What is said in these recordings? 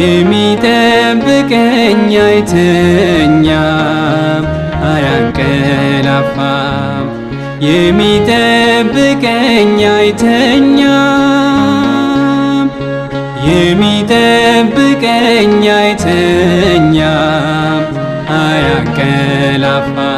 የሚጠብቀኝ አይተኛም አያንቀላፋም የሚጠብቀኝ አይተኛም የሚጠብቀኝ አይተኛም አያንቀላፋም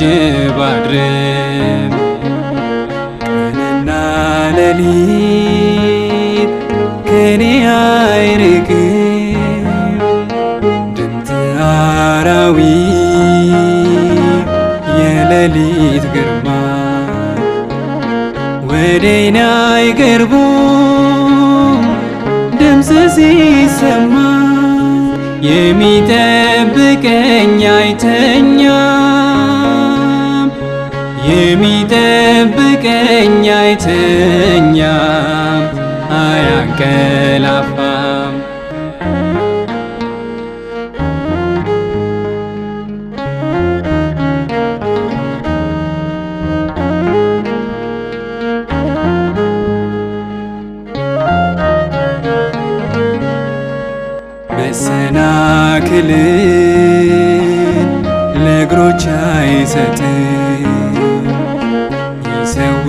ደጅ ባድርም ቀንና ሌሊት ከኔ አይርቅም ድምፅ አራዊት የሌሊት ግርማ ወደኔ አይቀርቡም ድምፅ ሲሰማ የሚጠብቀኝ አይተኛ የሚጠብቀኝ አይተኛም አያንቀላፋም። መሰናክልን ለእግሮች አይሰጥም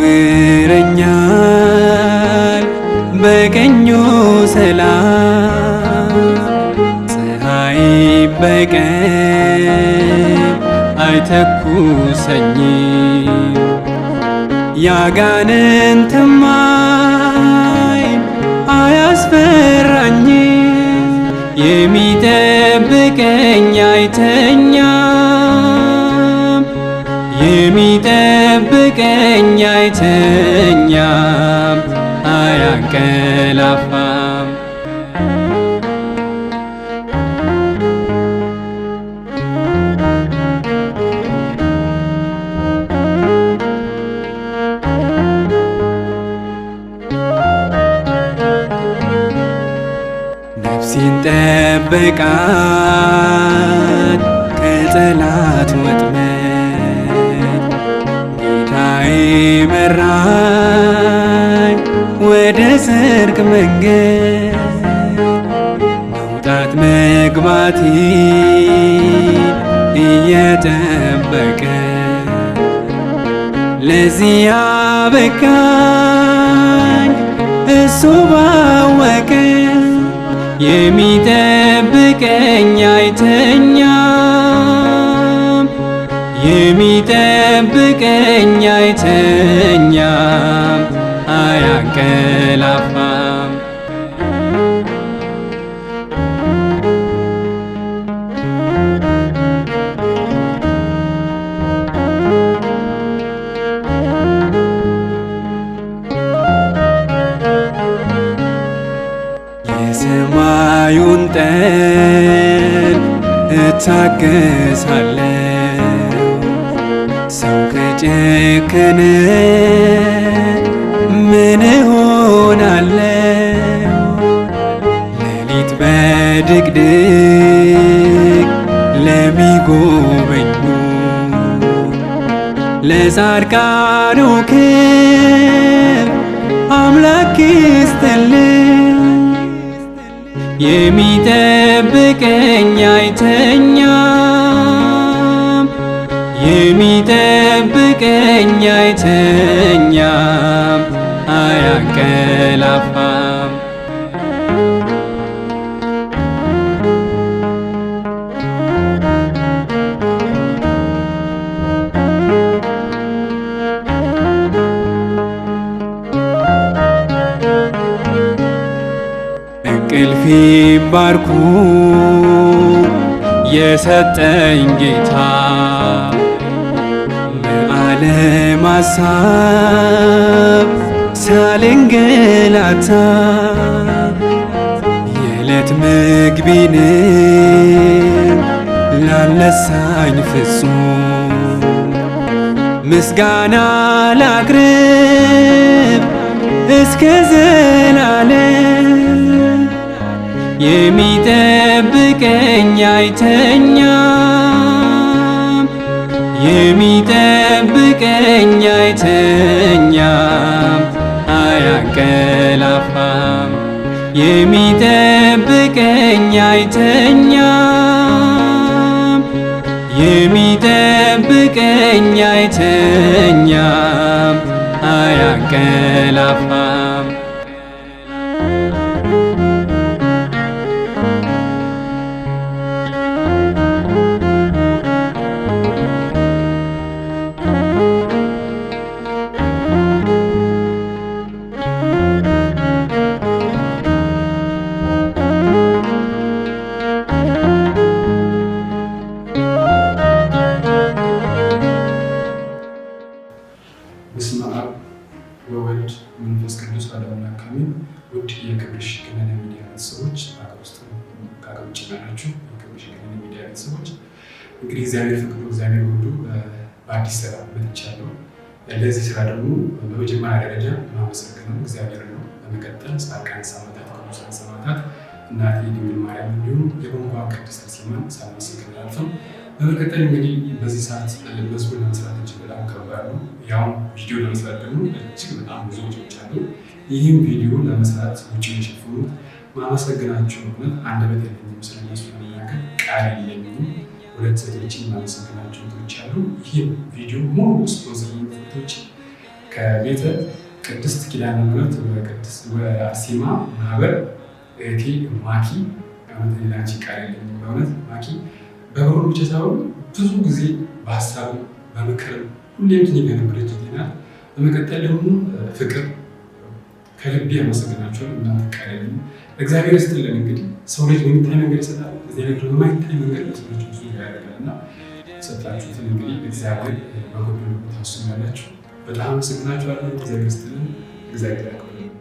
ያከብረኛል በቀኙ ሰላም ፀሐይ በቀን አይተኩሰኝም ያጋንንትማ አያስፈራኝም የሚጠብቀኝ አይተኛ የሚጠብቀኝ አይተኛም አያንቀላፋም። ነፍሴን ጠበቃት ከጠላት ወጥ መራኝ ወደ ጽድቅ መንገድ መውጣት መግባቴ እየጠበቀ ለዚህ ያበቃኝ እሱ ባወቀ የሚጠብቀኝ አይተኛ የሚጠብቀኝ አይተኛም አያንቀላፋም። የሰማዩን ጠል እታገሳለ እባክን ምን እሆናለሁ ሌሊት በድቅድቅ ለሚጎበኙ ለጻድቃኑ ክብር አምላክ ይስጥልኝ የሚጠብቀኝ አይተኛም የትኛም አያንቀላፋም። እንቅልፍ ባርኩ የሰጠኝ ጌታ ለማሳብ ሳልንገላታ የዕለት ምግቢን ላለሳኝ ፍጹም ምስጋና ላቅርብ እስከ ዘላለ የሚጠብቀኝ አይተኛ የሚጠብቀኝ አይተኛም አያንቀላፋም። የሚጠብቀኝ አይተኛም የሚጠብቀኝ አይተኛም አያንቀላፋም የሸገር ሚዲያ ቤተሰቦች እንግዲህ እግዚአብሔር ፍቅሩ እግዚአብሔር ወዱ በአዲስ ስራ መጥቻለሁ። ለዚህ ስራ ደግሞ በመጀመሪያ ደረጃ የማመሰግነው እግዚአብሔር ነው። በመቀጠል እስከ አርካን ቅዱሳን ሰማዕታት እናቴ ድንግል ማርያም እንዲሁም የቆንቋ ቅድስት ተስሊማን ሳመሰግን አላልፍም። በመቀጠል እንግዲህ በዚህ ሰዓት መዝሙር ለመስራት እጅግ በጣም ከባድ ነው። ያው ቪዲዮ ለመስራት ደግሞ እጅግ በጣም ብዙ ወጪዎች አሉ። ይህም ቪዲዮ ለመስራት ውጭ የሸፈኑት ማመሰግናቸው እውነት አንደበት የለኝም ስለነሱ ቃል የሚሉ ሁለት ሰዎችን ማመሰግናቸው ቶች አሉ። ይህ ቪዲዮ ሙሉ ስፖንሰር ቶች ከቤተ ቅድስት ኪዳነ ምሕረት ወአርሴማ ማህበር እህቴ ማኪ በእውነት ቃል የለኝም። በእውነት ማኪ በብሩ ብቻ ሳይሆን ብዙ ጊዜ በሀሳብ በምክር ሁሌም ትኒ በነበረች ናት። በመቀጠል ደግሞ ፍቅር ከልቤ አመሰግናቸውን እና እግዚአብሔር ይስጥልን። እንግዲህ ሰው ልጅ በሚታይ መንገድ ይሰጣል፣ እግዚአብሔር በማይታይ መንገድ ለሰዎች ብዙ ያደርጋል እና ሰጣችሁትን እንግዲህ እግዚአብሔር ታስሙ ታስኛላችሁ። በጣም አመሰግናችኋለሁ። እግዚአብሔር ይስጥልን። እግዚአብሔር ያክብርልን።